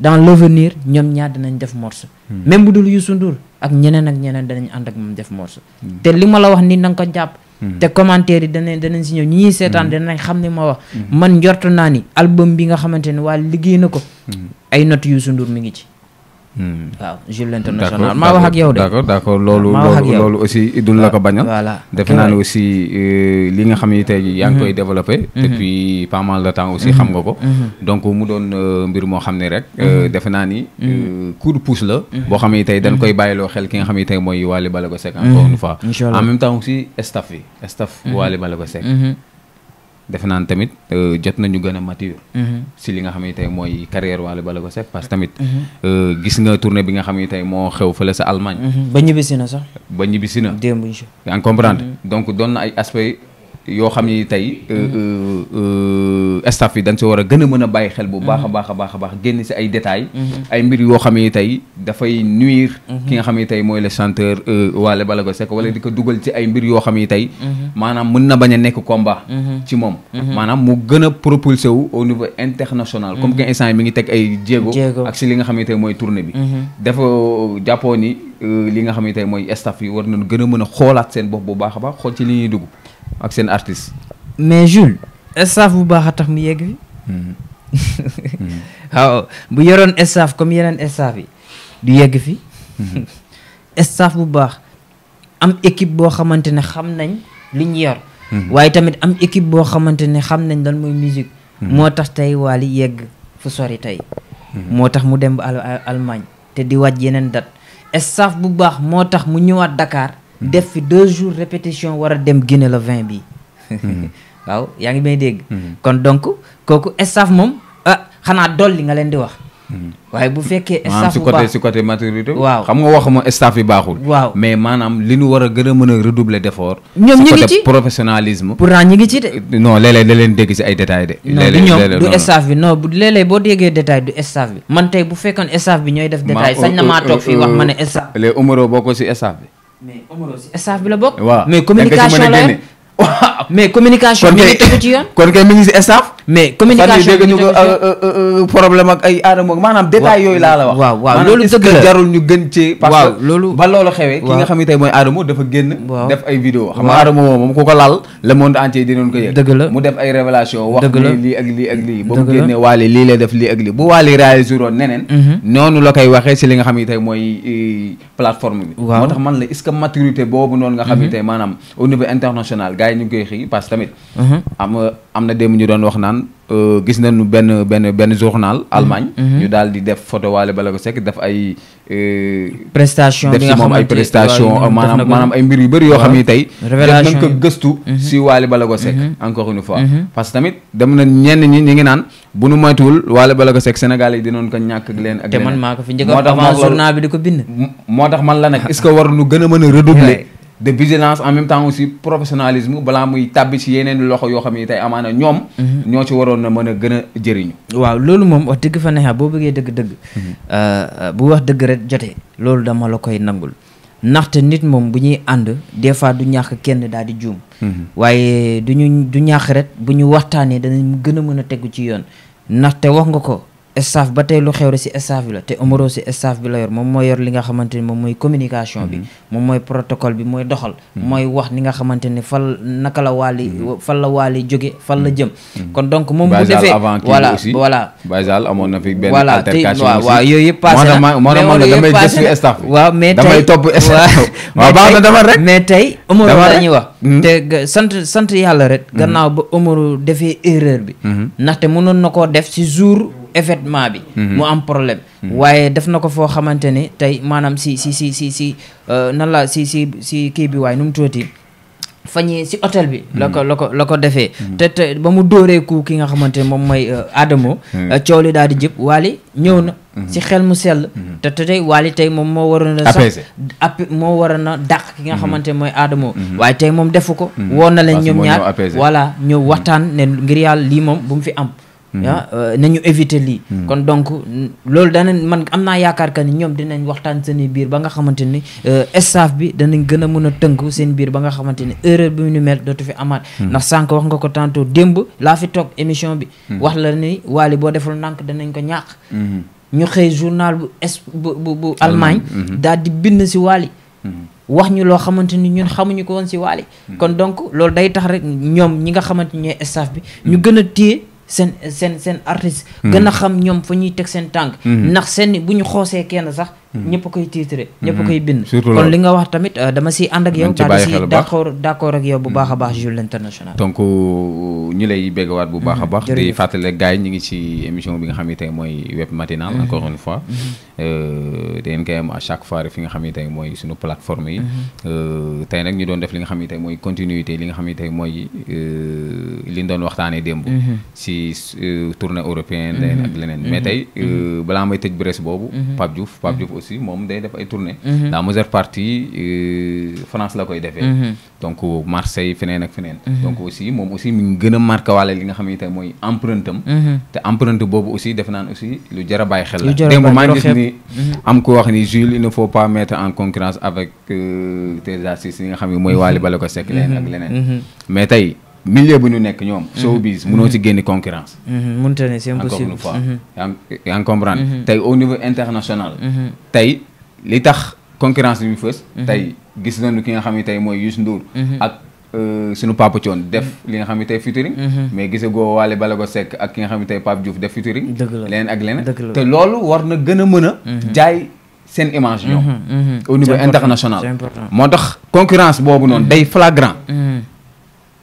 dans l'avenir ñoom ñaar dinañ def morceau même bu dul Youssou Ndour ak ñeneen ak ñeneen danañ ànd ak moom def morceau te li ma la wax ni na nga ko jàpp te commentaire yi danañ danañ si ñëw ñii seetaan danañ xam ne ma wax man njort naa ni album bi nga xamante ne waa liggéey na ko ay notes Youssou Ndour mi ngi ci Hmm. waaw Jules l'international maa wax ak yow de. d' accord d' accord loolu loolu aussi dul la ko bañal. voilà defe naa ne aussi euh, li nga xam ne tey yaa ngi koy mhm. développé. depuis mhm. pas mal de temps aussi xam nga ko. Mhm. donc mu doon euh, mbir moo xam ne rek. Euh, defe naa ni. coup de pouce la. boo xam ne tey dan koy bàyyiloo xel ki nga xam ne tey mooy Wally Ballago Seck. encore une fois en même temps aussi staff bi staff Wally Ballago Seck. defe naan tamit euh, jot nañu gën a mature mm-hmm. si li nga xam ne tey mooy carrière Wally Ballago Seck parce que tamit mm-hmm. euh, gis nga tournée bi nga xam ne tey moo xew fële sa Allemagne mm-hmm. ba ñibbisi na sax ba ñibbisi na en comprendre donc doon na ay aspect yoo xam ni tey euh, mm-hmm. euh, euh, staff yi dañ si war a gën a mën a bàyyi xel bu baax a mm-hmm. baax a baax a baax génn si ay détails mm-hmm. ay mbir yoo xam ni tey dafay nuire ki nga xam ni tey mooy le chanteur Wally Ballago Seck wala di ko dugal ay mbir yoo xam ni tey maanaam mën na bañ nekk combat ci moom maanaam mu gën a propulsé wu au niveau international comme que instant yi mi ngi teg ay jéego li nga xam ni tey mooy tournée bi dafa jàppoo ni li nga xam ni tey mooy staff yi war nañu gën a mën a xoolaat seen bopp bu baax a baax xool ci li ñuy dugg ak seen artiste. mais Jules staff bu baax a tax mu yegg fi. Hmm. [laughs] waaw bu yoroon staff comme yeneen staff yi du yegg fi. Hmm. staff bu baax am équipe boo xamante ne xam nañ li ñu yor. Hmm. waaye tamit am équipe boo xamante ne xam nañ lan mooy musique. moo tax tey Wally yegg fu sori tey. moo tax mu dem ba Allemagne te di waaj yeneen date staff bu baax moo tax mu ñëwaat dakaar Hmm. def fi deux jours répétition war a dem Guinée le vingt bi hmm. waaw yaa ngi may dégg. Hmm. kon donc kooku staff moom ah xanaa dolli nga leen di wax. waaye bu fekkee staff bu baax waaw xam nga waxuma staff yi baaxul. waaw mais maanaam li ñu war a gën a mën a redoubler d'effort. ñoom ñu ngi ci professionnalisme. pourtant ñu ngi ci de. non léeg-léeg da leen dégg si ay détails de. léeg du staff bi non bu boo déggee détail du staff bi. man tey bu fekkoon staff bi ñooy def. détail sañ na euh, maa toog fii wax euh, ma ne euh, staff. si staff bi. mais Omar aussi staff bi la bokk. [laughs] waaw mais communication la mais communication. mi ngi tegu ci yoon [laughs] kon kay mi ngi si staff. mais communication bi ñu ko euh, euh, euh, problème ak ay aadama maanaam détail yooyu laa la wax. waaw waaw loolu dëgg la jarul ñu gën cee. parce ba loolu xewee. ki nga xam ne tey mooy aadama dafa génn. def ay vidéo xam nga aadama moom moom ku ko laal le monde entier dinañ ko la mu def ay révélation bu waale réalisé woon neneen. Mhm. noonu la koy waxee si li nga xam ne tey mooy plateforme bi. waaw moo tax man la est-ce maturité boobu noonu nga xam mhm. maanaam au international gars yi ñu koy xii parce tamit mhm. am am na démb ñu doon wax naan naan euh, gis nañu benn benn benn journal mhm. Allemagne. Mhm. ñu daal di def photo Wally Ballago Seck def ay. Euh, prestation bi nga xamante def si moom ay prestation maanaam maanaam ay mbir yu bëri yoo xam ni tey. révélation def nañ ko gëstu. si mhm. Wally Ballago Seck. encore une fois. parce que tamit dem na ñenn ñi ñu ngi naan bu nu moytuwul Wally Ballago Seck Sénégal yi dinoon ko ñàkk ak leen. ak leneen te man maa ko fi moo tax man la nag est-ce war nu gën a mën a [laughs] de vigilance en même temps aussi professionnalisme balaa muy tàbbi ci yeneen loxo yoo xam ne tey amaana ñoom. Mhm. ñoo ci waroon na mën a gën a jëriñu. waaw loolu moom wax dëgg fa neexee boo bëggee dëgg-dëgg. Mhm. Euh, bu wax dëgg rek jotee. loolu dama la koy nangul ndaxte nit moom bu ñuy ànd des fois du ñàkk kenn daal di juum. Mhm. waaye du ñu du ñàkk rek bu ñu waxtaanee danañ gën a mën a tegu ci yoon. ndaxte wax nga ko staff ba tey lu xew rek ci staff bi la te Omaro ci la yor moom mm-hmm. mm-hmm. wax la waali mm-hmm. fan la waali jóge fan la jëm kon donc moom bu defee voilà voilà Baysal amoon na fi benn altercation voilà waaw yooyu yëpp passé na moo tax man damay gës [laughs] [laughs] te sant yàlla rek gannaaw ba Omaro defee erreur bi ndaxte mënoon na koo def ci jour événement bi. Mhm. mu am problème. Mhm. waaye def na ko foo xamante ne tey maanaam si si si si si euh, nan la si si si kii bi waaye nu mu tuuti fa si hôtel bi la mhm. ko la ko la ko defee te te ba mu dooree ku ki nga xamante ne moom mooy euh, Adamo euh, coow li daal di jëpp waali ñëw na si xel mu sell te te tey waali tey moom moo waroon a sax moo waroon a dàq ki nga xamante ne mooy Adamo waaye tey moom defu ko woon na leen ñoom ñaar voilà ñëw waxtaan ne ngir yàlla lii moom bu mu fi am ah nañu éviter lii. Mm-hmm. kon donc loolu danañ man am naa yaakaar que ni ñoom dinañ waxtaan seen biir ba nga xamante ni euh, staff bi danañ gën a mën a tënk seen biir ba nga xamante ni erreur bi mu ni dootu fi amaat. Mm-hmm. ndax sànq wax nga ko tantôt démb laa fi toog émission bi. wax la ni waali boo deful ndànk danañ ko ñàq. ñu xëy journal bu bu bu bu Allemagne. daal di bind si waali. wax ñu loo xamante ni ñun xamuñu ko woon si waali. kon donc loolu day tax rek ñoom ñi nga xamante ni ñooy bi. ñu gën a téye. seen seen seen artiste. Hmm. gën a xam ñoom fa ñuy teg seen tànk. Hmm. ndax seen bu ñu xoosee kenn sax. Mm-hmm. ñëpp koy titre ñëpp mm-hmm. koy bind kon li nga wax tamit euh, dama si ànd ak yow daal si d'accord bu baax a baax mm-hmm. Jules International donc euh, ñu lay béggawaat bu baax a baax di fàttale gars yi ñu ngi ci émission bi nga xam ne mooy web matinal encore une fois euh, dangeen koy am à fi nga xam ne mooy suñu plateforme yi tey nag ñu doon def li nga xam mooy continuité li nga xam ne tey mooy li ñu doon waxtaanee démb si tournée européenne ak leneen mais tey balaa may tëj Brest boobu Pape aussi moom day def ay tournée la majeure mhm. partie euh, France la koy defee mhm. donc euh, Marseille feneen ak feneen mhm. donc aussi moom aussi mi ngi gën a marqué li nga xam ne te mooy empreinte am te empreinte boobu aussi def naan aussi lu jar bàyyi xel la démb maa ngi gis ni am ko wax ni Jules il ne faut pas mettre en concurrence avec euh, tes artistes yi nga xam ne mooy Wally Ballago Seck leneen ak leneen mais milieu bu ñu nekk ñoom. Mhm. showbiz mënoo mhm. ci génn concurrence. Mhm. mënut a ne c'est impossible encore une fois. yaa ngi comprendre. tey au li tax concurrence bi fës. tey gis nañu ki nga xam ne tey mooy Youssou Ndour. ak euh, suñu Papa Thione def li nga xam ne tey featuring. mais gisagoo Wally Ballago Seck ak ki nga xam ne tey Pape Diouf def featuring. dëgg la leneen ak leneen. te loolu war na gën a mën a. jaay seen image ñoom. au niveau international. moo tax concurrence boobu noonu day flagrant.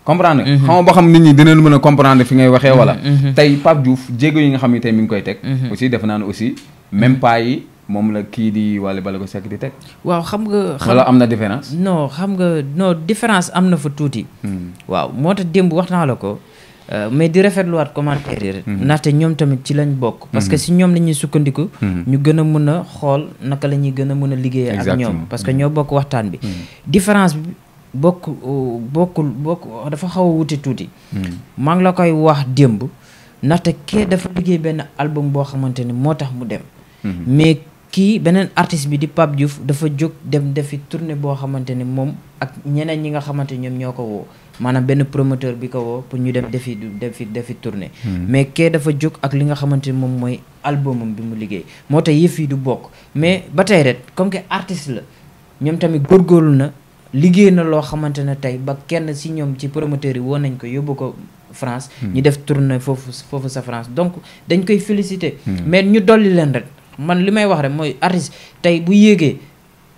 comprendre nga. Mhm. xam nga boo xam nit ñi dinañ mën a comprendre fi ngay waxee wala. Mhm, mhm. tey Pape Diouf jéego yi nga xam ne tey mi ngi koy teg. aussi defe naa ne aussi même pas yi moom la kii di Wally Ballago Seck di teg. waaw xam nga. wala am na différence. non xam nga non différence am na fa tuuti. Hmm. waaw moo tax démb wax naa la ko. Euh, mais di rafetluwaat commentaire yi. Hmm. ndaxte ñoom tamit ci lañ bokk. parce que hmm. si ñoom la ñuy sukkandiku. ñu gën a mën a xool naka la ñuy gën a mën a liggéeyee. ak ñoom parce que ñoo bokk waxtaan bi bokk bokkul bokk dafa xaw a wuti tuuti. maa ngi la koy wax démb ndaxte kee dafa liggéey benn album boo xamante ni moo tax mu dem. Mhm. mais kii beneen artiste bi di Pape Diouf dafa jóg dem defi tournée boo xamante ni moom ak ñeneen ñi nga xamante ñoom ñoo ko woo maanaam benn promoteur bi ko woo pour ñu dem defi defi defi tournée. Mhm. mais kee dafa jóg ak li nga xamante ni moom mooy albumam bi mu liggéey moo tax yëf yi du bokk mais ba tey rek comme que artiste la ñoom tamit góor góorgóorlu na. liggéey na loo xamante ne tey ba kenn si ñoom ci promoteurs yi woon nañ ko yóbbu ko France. Hmm. ñu def tournée foofu foofu sa France donc dañ koy féliciter. Hmm. mais ñu dolli leen rek man li may wax rek mooy artiste tey bu yéegee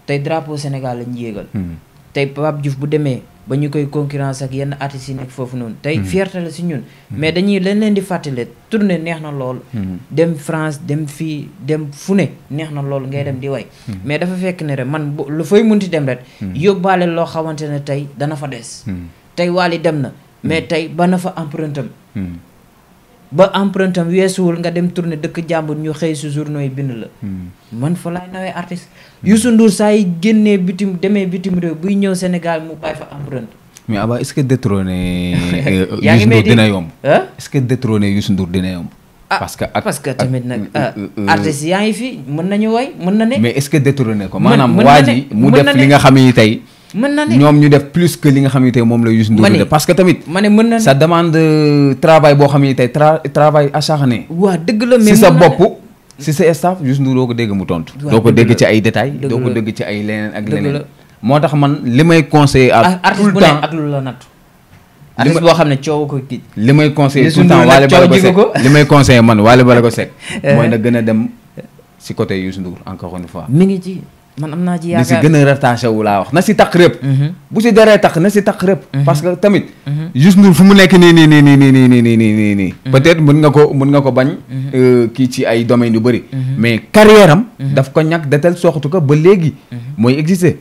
tey drapo Sénégal lañ yéegal. Hmm. tey Pape Diouf bu demee. ba ñu koy concurrence ak yenn artistes yi nekk foofu noonu tey hmm. fierté la si ñun hmm. mais dañuy leen leen di fàttale tournée neex na lool hmm. dem France dem fii dem fu ne neex na lool ngay dem di way mais dafa fekk ne rek man lu fay mun ti dem rek yóbbaale loo xamante ne tey dana fa des tey Wally dem na mais tey ba na fa empreinte ba empreinte am weesuwul nga dem tourner dëkk jàmbur ñu xëy si journaux yi bind la. Hmm. man fa laay nawee artiste. Youssou Ndour saa yi génnee bitim demee bitim réew buy ñëw Sénégal mu bàyyi fa empreinte. mais Abba est-ce que détrôner. [laughs] Euh, yaa ngi may di Youssou Ndour dina yomb. est-ce que détrôner parce que ak parce que tamit nag euh, ah, euh, artistes yaa ngi fi mën nañu woy mën na ne. mais est-ce que détrôner ko maanaam. waa ji mu def li nga xam ni tey. mën na ñoom ñu def plus que li nga xam ne tey moom la Youssou Ndour def parce que tamit ma ne mën na ça demande euh, travail boo xam ne tey tra travail acharné waa dëgg la mais si sa bopp si sa staff Youssou Ndour doo ko dégg mu tontu doo ko dégg ci ay détails doo ko dégg ci ay leneen ak leneen moo tax man li may conseiller à ah, tout le temps ak lu la nattu artiste boo xam ne coow ko kii li may conseiller tout le temps waale bala ko sekk may conseiller man waale bala ko sekk [laughs] mooy na gën a dem si côté Youssou Ndour encore une fois ngi ci man am naa ji yaakaar wu laa wax na si tax rëpp. Mhm. bu si deree tax na si tax rëpp. Mhm. parce que tamit. Mhm. juste nu fu mu nekk nii nii nii nii nii nii nii nii nii. peut-être mën nga ko mën nga ko bañ. Euh, kii ci ay domaines yu bëri. mais carrière am. daf ko ñàkk de telle sorte que ba léegi. mooy exister.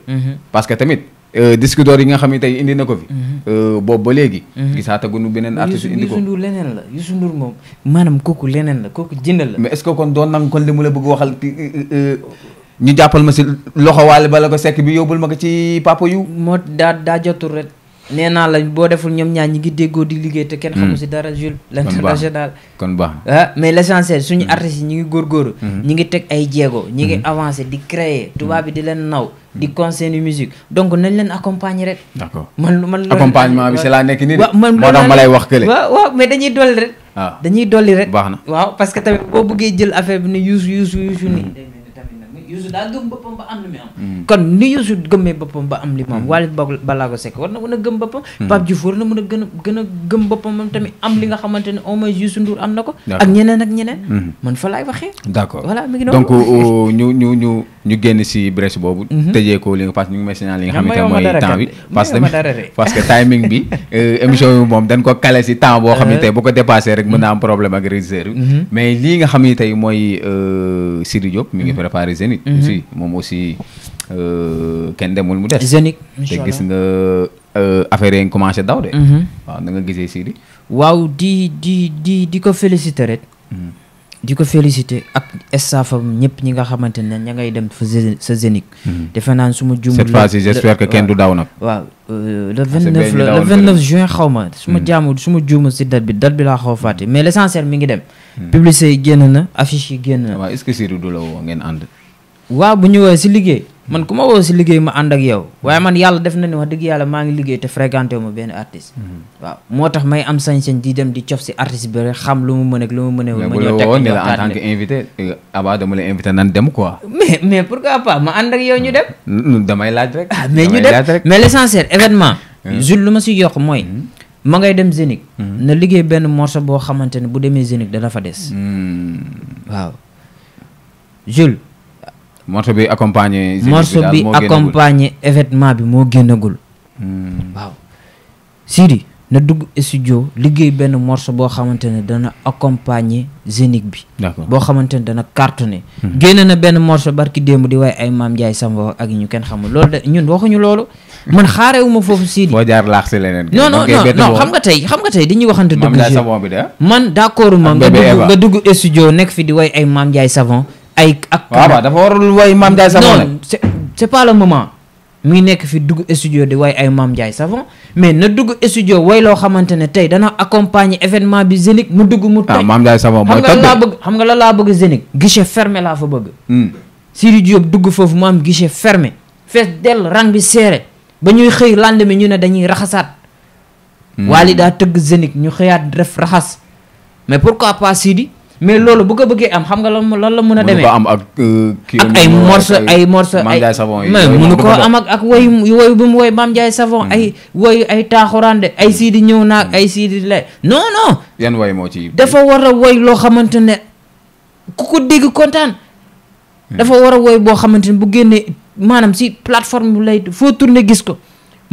parce que tamit euh, disque door yi nga xam ne tey indi na ko fi. Euh, boobu ba léegi. gisaataguñu beneen artiste indi ko Youssou Ndour la Youssou Ndour maanaam kooku leneen la kooku jëndal la. mais est kon doon na kon li mu la bëgg waxal ñu jàppal ma si loxo waale bala ko sekk bi yóbbul ma ko ci papa yu. moo daa daa jotul rek. nee la boo deful ñoom ñaar ñi ngi déggoo di liggéey te kenn xamu si dara Jules l'international kon baax ah mais l'essentiel suñu artistes yi ñi ngi góor góor ñi ngi teg ay jéego ñi ngi avancé di créer tubaab bi di leen naw di conseil de musique donc nañ leen accompagner rek d'accord man man accompagnement bi c'est la nekk nii de man moo wax kële waaw waaw mais dañuy dolli rek waaw dañuy dolli rek parce que tamit boo bëggee jël affaire bi Youssou daa gëm boppam ba am li mu am. Mm. kon ni Youssou gëmmee boppam ba am li mu am. Mm. Waly Ballago war na mën a gëm boppam. Mm. Pape am li nga xamante ne si euh, brèche boobu. Mm-hmm. tëjee ngi may si temps [laughs] 2018. aussi moom aussi kenn demul mu des. Zénith te gis nga affaire yi commencé daw de. waaw na nga gisee di di di di ko féliciter rek. Hmm. di ko félicité ak estafam ñëpp ñi nga xamante ne ña ngay dem fa sa Zénith hmm. defe naan su ma juumul cette fois-ci j'espère que kenn du euh, ah, su ma su ma juumul si date bi laa xaw fàtte hmm. mais l'essentiel mi ngi dem publicité yi génn na affiche yi génn na ah, waaw est que Sirou du la woo ngeen ànd waaw bu ñu si liggéey man ku ma woo si liggéey ma àndak ak yow waaye man yàlla def na ni wax dëgg yàlla maa ngi liggéey te fréquenté wu ma benn artiste mhm. waaw moo tax may am sañ-sañ di dem di cof si artiste bi rek xam lu mu mën ak lu mën a ma ñëw teg ni la en tant euh, invité nan dem quoi [laughs] mais mais ma ànd ak yow ñu hmm. dem damay laaj rek ah mais ñu dem mais l'essentiel événement hmm. lu ma si yokk mooy hmm. ma ngay dem Zénith na liggéey benn morceau boo xamante ne bu demee Zénith dana fa des waaw Jules morceau bi accompagné. morceau bi accompagné événement bi moo génnagul. Hmm. waaw Sidi na dugg studio liggéey benn morceau boo xamante ne dana accompagner Zénith bi. boo xamante ne dana cartonné. Hmm. génne na benn morceau barki démb di waaye ay maam Ndiaye Samba ak ñu kenn xamul loolu de ñun waxuñu loolu. man xaarewuma foofu sii boo jaar laax leneen. non non non xam nga tey xam nga tey dañuy man d' accord ma nga dugg nga dugg studio nekk di way ay maam Ndiaye Savon. ay ak. waaw dafa warul way Mame Ndiaye Savon non ngi nekk fi dugg studio di way ay maam Ndiaye Savon mais na dugg studio way loo xamante ne tey dana accompagner événement bi Zénith mu dugg mu. Ah, tey Mame Ndiaye Savon mooy xam nga bëgg xam nga la laa bëgg Zénith. guichet fermé laa fa bëgg. Hmm. Sidy Diop dugg foofu mu am guichet fermé. fees dell rang bi serré ba ñuy xëy mi ñu ne dañuy raxasaat. Hmm. Wally daa tëgg Zénith ñu xëyaat def raxas mais pourquoi pas Sidy mais loolu bu ko bëggee am xam nga lan lan la mën a demee am ak euh, ay morceau ay morceau ay mais mënu koo am ak ak woy woy bu mu woy Mame Ndiaye Savon hmm. ay woy ay taaxuraan de ay hmm. siidi ñëw naag hmm. ay siidi lay non non yan woy dafa war a woy loo xamante ne ku kontaan dafa war a woy boo xamante ne bu génnee maanaam si plateforme bu lay foo tourné gis ko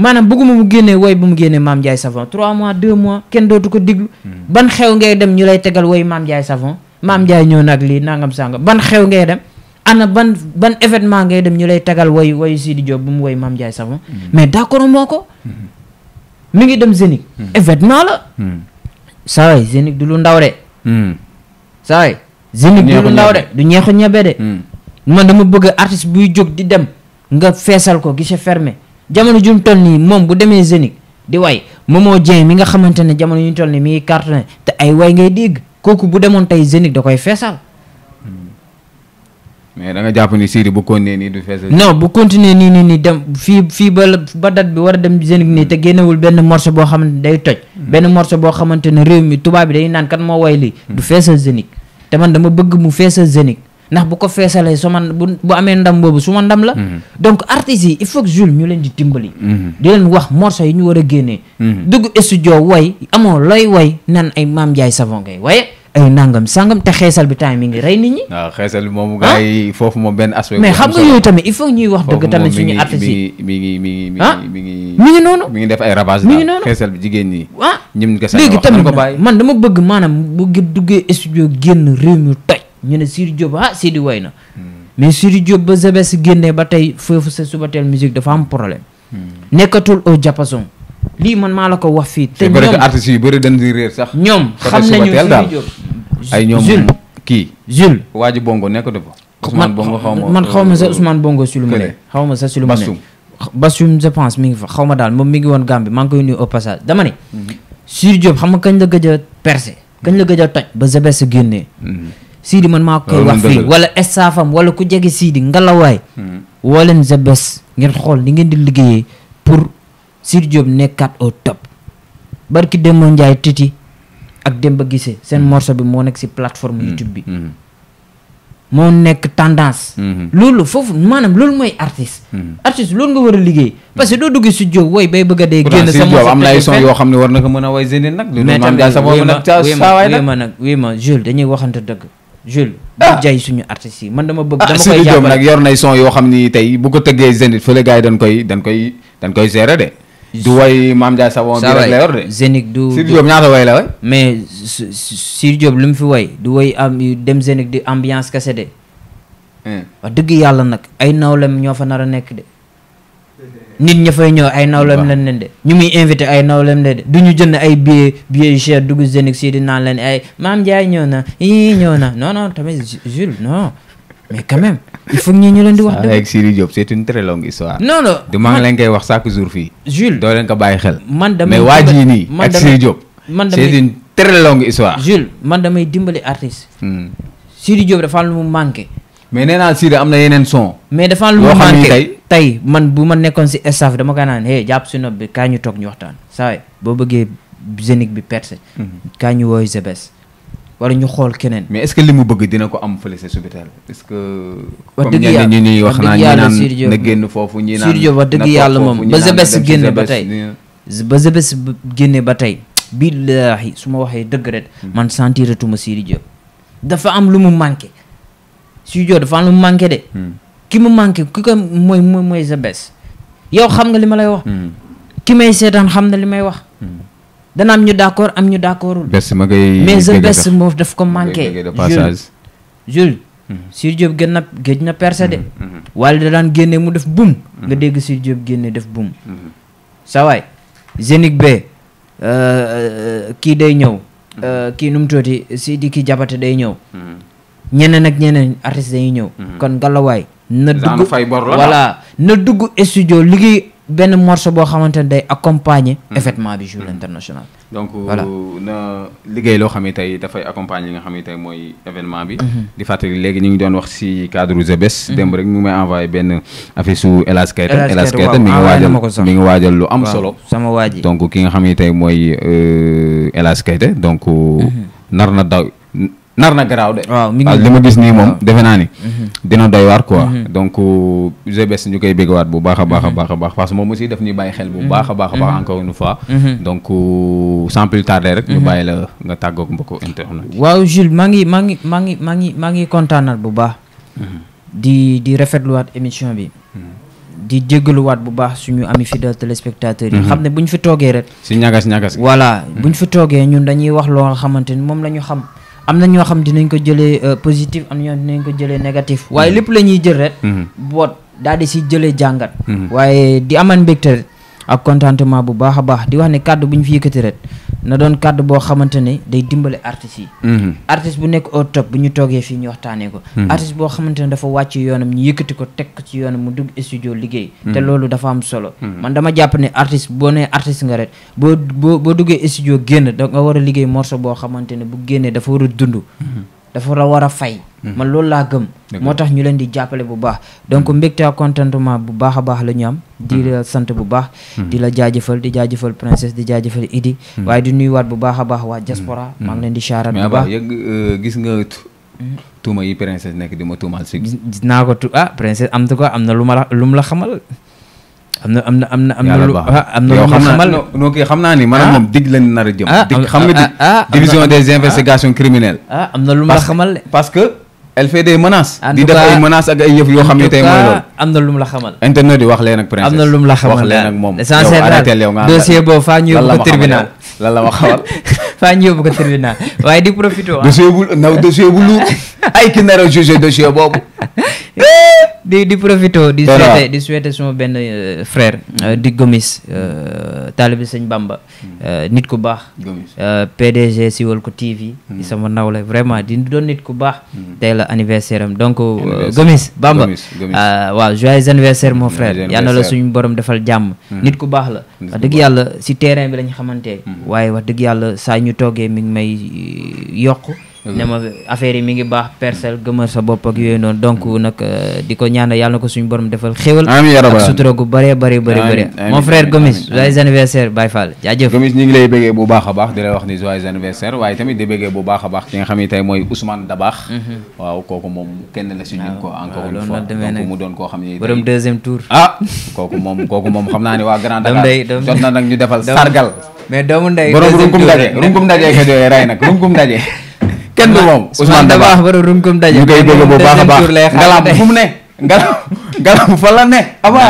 maanaam bëgguma mu génnee woy bu mu génnee Mame Ndiaye Savon 3 mois 2 mois kenn dootu ko diglu hmm. ban xew ngay dem ñu lay tegal woy Mame Ndiaye Savon Mame Ndiaye ñëw nag lii nangam sàngam ban xew ngay dem anna ban ban événement ngay dem ñu lay tegal woy sii di Diop bu mu woy Mame Ndiaye Savon hmm. mais d'accord moo ko hmm. mi ngi dem Zénith événement la saa waay du lu ndaw de saa waay du lu ndaw de du ñeexu ñebe de man dama bëgg artiste buy jóg di dem nga feesal ko guichet fermé jamono ju ñu toll nii moom bu demee Zénith di way moo Dieng mi nga xamante ne jamono yu ñu toll nii mi ngi cartonné te ay way ngay dégg kooku bu demoon tey Zénith da koy feesal. Hmm. mais da jàpp ni Sidy bu continuer nii du feesal. non bu continuer nii nii nii dem fii fii ba ba date bi war a dem Zénith nii te génnewul benn morceau boo xamante ne day toj. Hmm. benn morceau boo xamante ne réew mi tubaab bi day naan kat moo way lii. Hmm. du feesal Zénith te man dama bëgg mu feesal Zénith. ndax bu ko feesalee su man bu bu amee ndam boobu su ndam la. Mhm. donc artistes yi il faut que ñu leen di dimbali. Mhm. di leen wax morceau yi ñu war a génnee. Mhm. dugg studio woy amoo looy woy nan ay Mame Ndiaye Savon ngay waaye ay nangam sangam te xeesal bi temps mi ngi rey nit ñi. waaw ah, xeesal bi moom gars yi ah. moom benn aspect. mais xam nga yooyu tamit il faut ñuy wax dëgg tamit mi ngi noonu. mi ngi def ay ravage mi ngi noonu xeesal bi jigéen ñi. ah léegi man dama bëgg maanaam bu duggee studio génn réew mi toj ñu ne Sidy Diop ah Sidy way na hmm. mais Sidy Diop ba Zebes génnee ba tey foofu sa Subatel musique dafa am problème hmm. nekkatul au diapason lii man maa la ko wax fii te ñoom yu bëri dañ di sax ñoom xam nañu Sidy ay ñoom Jules kii Jules waa ji bongo nekkatu fa Ousmane Bongo xaw ma man xaw ma sa euh, Ousmane Bongo si lu mu ne xaw ma sa si lu mu ne Bassoum je pense mi ngi fa xaw ma daal moom mi ngi woon Gambie bi ngi koy nuyu au passage dama ne hmm. Sidy Diop xam nga kañ la gëj a percé kañ la gëj a toj ba Zebes génnee Sidi man maa ko koy wax fii wala estafam wala ku jege Sidi ngalawaay. Hmm. woo leen sa bés ngeen xool ni ngeen di liggéeyee pour Sidi Diop nekkaat au top. barki Demba Ndiaye Titi ak Demba Gise seen hmm. morceau bi moo nekk si hmm. bi. moo loolu foofu maanaam loolu mooy artiste. artiste loolu nga war a liggéey. parce doo dugg studio woy bay bëgg a dee. génn sa yoo xam ne war na ko mën a woy Zénith nag. mais tamit wii ma wii ma nag wii ma Jules dañuy waxante dëgg. Jules. ah bu jaay suñu artistes yi man dama bëgg. Ah, dama koy jàppale nag yor nay son yoo xam ni tey bu ko tëggee Zénith fële gars yi dañ koy dañ koy dañ koy gérer de. du way Mame Ndiaye Savon bi rek la yor de. ñaata way la way. mais Sidy Diop lu mu fi way du way am dem Zénith di ambiance kese de. Hmm. wax dëgg yàlla nag ay nawlem ñoo fa nar a nekk de. nit ña fay ñëw ay nawlem leen de ñu muy invité ay nawlem leen de du ñu jënd ay billet billet yu cher dugg Zénith si di naan maam na ii ñëw na non non tamit Jules non mais quand même il ñu leen di wax dëgg avec Siri Diop c'est une très longue histoire koy wax chaque jour fii Jules doo leen ko bàyyi xel man damay mais waa ji nii ak Siri Diop man damay c'est une longue histoire Jules man damay dimbali artiste hmm. Siri Diop dafa am lu mu manqué mais nee naa Siri am na yeneen son mais dafa lu mu manqué tey man bu ma nekkoon si staff dama kaa naan hey jàpp si nopp kaa ñu toog ñu waxtaan saa boo bëggee Zénith bi perte. Mhm. kaa ñu wooy Zébès wala ñu xool keneen. mais est-ce que li mu bëgg dina ko am fële sa Subitel est-ce que. wax dëgg yàlla comme ñenn ñi ñuy wax naan ñi génn foofu ñi naan Sidy Diop wax dëgg yàlla moom ba Zébès génne ba tey ba Zébès génne ba tey. billaahi su ma waxee dëgg rek. Mhm. man sentiratuma Sidy Diop. dafa am lu mu manqué. Sidy Diop dafa am lu mu manqué de. Mhm. kii mu manqué ki ko mooy mooy sa bés yow xam nga li ma lay wax. Hmm. ki may seetaan xam na li may wax. Hmm. dana am ñu d'accord am ñu d'accordul. bés ma ngay mais sa bés moom daf ko manqué. Jules Jules. Hmm. Sidy Diop na géej na percé wala da daan génne mu def bum. nga dégg Sidy Diop génne def bum. sa waay Zénith euh, euh, kii day ñëw. Euh, kii nu mu tuuti Sidi kii jabate day ñëw. ñeneen ak ñeneen artistes dañuy ñëw. kon galawaay. na dugg fay bor voilà na dugg studio liggéey benn morceau boo xamante ne day accompagner. Hmm. événement bi jour hmm. international. donc na liggéey loo xam ne tey dafay accompagner li nga xam ne mooy événement bi. Hmm. di fàttali léegi ñu ngi doon wax si cadre ZBES. démb rek ñu ngi may envoyé benn affiche su El Hadj Keita El Hadj Keita mi ngi waajal lu am solo. sama waa ji donc ki nga xam ne tey mooy euh, El Hadj donc. nar na daw. nar na garaaw de. waaw mi ngi li ma gis nii moom defe naa ni. Mhm. dina doy waar quoi. Mhm. donc euh, GBS ñu koy béggawaat bu baax a baax a mhm. baax a baax parce que moom aussi daf ñuy bàyyi xel bu baax a baax a baax encore une fois. donc euh, sans plus tarder rek. ñu bàyyi la nga tàggoog mbokku internet. waaw Jules maa ngi maa ngi maa ngi maa ngi maa ngi kontaanaat bu baax. di di waat émission bi. di jégaluwaat bu baax su suñu ami fidèle téléspectateurs yi xam ne bu ñu fi toogee rek. si ñagas ñagas. voilà bu ñu fi toogee ñun dañuy wax loo xamante ni moom la ñu am na ñoo xam dinañ ko jëlee euh, positif am na ñoo dinañ ko jëlee négatif waaye mm-hmm. lépp lañuy jël rek mm-hmm. boot daal di si jëlee jàngat mm-hmm. waaye di aman mbégte ak contentement bu baax a baax di wax ne kàddu bu ñu fi yëkkati rek na doon kàddu boo xamante ne day dimbale artistes yi mhm. artiste bu nekk au top bu ñu toogee fii ñu waxtaanee ko mhm. artiste boo xamante ne dafa wàcc yoonam ñu yëkkati ko teg ci yoonam mu dugg studio liggéey mhm. te loolu dafa am solo man dama jàpp ne artiste boo nee artiste nga ret boo boo boo duggee studio génn da nga war a liggéey morceau boo xamante ne bu génnee dafa war a dund dafa la war a fay. Mhm. ma loolu laa gëm. moo tax ñu leen di jàppale bu baax. donc mhm. mbégte ak contentement bu baax a baax la ñu am. di mhm. la sant bu baax. di la jaajëfal di jaajëfal princesse di jaajëfal Idi. waaye di nuyuwaat bu baax a baax waa diaspora. maa ngi leen di chaaraat bu baax mais euh, gis nga tuuma yi princesse nekk di ma tuumaal si. gis naa ko tu ah am na ko am na lu ma la lu mu la xamal. am na am na am na am na lu am na lu ma xamal noo kii xam naa ni maanaam ah. moom dig lañ nar a jëm ah, dig xam nga ah, dig division des investigations criminelles ah am na lu ma xamal parce que elle fait des menaces di def ay menaces ak ay yëf yoo xam ne tey mooy loolu am na lu mu la xamal internet yi wax leen ak princesse am na lu mu la xamal wax leen ak moom essentiel daal yow nga dossier boobu faa ñu yóbbu ko tribunal lan la ma xamal [laughs] faa ñu yóbbu ko tribunal waaye di profité dossier bu naw dossier bu luur [laughs] ay ki nar a jugé dossier boobu [laughs] di di profito di souhaité di souhaité suma benn euh, frère euh, di Gomis euh, taalibi sëñ Bamba hmm. nit ku baax PDG wal ko TV sama nawle vraiment di doon nit ku baax hmm. tey la anniversaire am donc Gomis Bamba waaw joyeux anniversaire mon frère yal na la suñu borom defal jàmm hmm. nit ku baax la wax dëgg yàlla si terrain bi lañ xamante waaye wax dëgg yàlla saa ñu toogee mi ngi may yokk ne ma affaire yi mi ngi baax persel gëmal sa bopp ak yooyu noonu donc mm-hmm. nag euh, di ko ñaanal yàlla na ko suñu borom defal xéwal ak sutura a a na nag ñu defal [laughs] sargal mais doomu ndey borom runkum ndaje runkum ndaje ka jooyee ray nag runkum ndaje kenn du moom Ousmane Daba ñu koy bëgg bu baax a baax ngalam fu mu ne ngalam ngalam fa la ne aba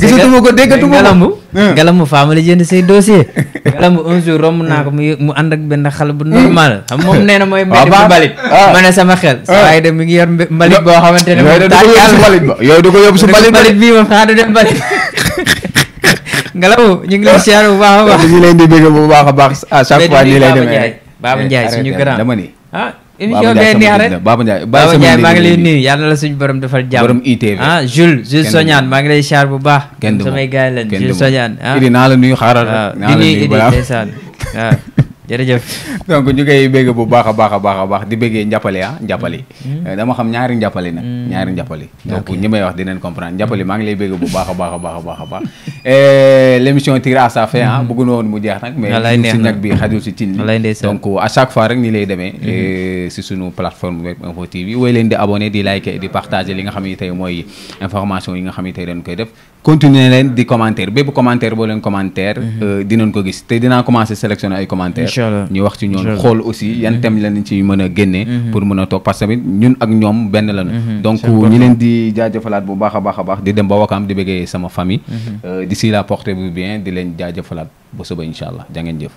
gisatuma ko déggatuma ko ngalam faama la jënd say dossier ngalam un jour romb naa ko muy mu ànd ak benn xale bu normal xam moom nee na mooy mbedd bu mbalit ah. ma ne sama xel ah. waaye de mi ngi yor mbalit boo xamante ne mbalit ba yooyu du ko yóbbu su mbalit mbalit bii moom xanaa du dem mbalit ngalaw ñu ngi lay siyaar bu baax a baax ñu leen di bëgg bu baax a baax à chaque fois nii lay demee Baba eh, Ndiaye suñu grand dama ni ah émission bee neex rek Baba Ndiaye na la suñu borom defal jàmm borom ITV ah Jules Jules Soñaan maa ngi lay char bu baax. gen samay gars yi lañ Jules Soñaan di nuyu jërëjëf donc ñu koy bégg bu baax a baax a baax a baax di béggee njàppali ah njàppali mm-hmm. dama xam ñaari njàppali nag mm-hmm. ñaari njàppali donc ñu may wax dinañ comprendre njàppali maa ngi lay bégg bu baax a baax a baax a baax a baax l' [laughs] eh, émission tire à sa fin ah mm-hmm. bëgguñu woon mu jeex nag mais si nag bi xajul si cin bi donc à chaque fois rek nii lay demee eh, si suñu plateforme web info leen di abonné di li nga xam ne tey mooy information yi nga xam ne tey dañ koy def continuer leen di commentaire bépp commentaire boo leen commentaire euh, dinañ ko gis te dinaa commencé sélectionner ay commentaire incha allah ñu wax ci ñoom xool aussi yan mm-hmm. thème lañ ci mën a génnee mm-hmm. pour mën a toog parce que tamit ñun ak ñoom benn lañu mm-hmm. donc ñu leen di jëfalaat bu baax a baax a baax di dem ba wakaam di bëggee sama famille euh, d'ici là portez-vous bien di leen jaajëfalaat ba suba incha allah jaa ngeen jëf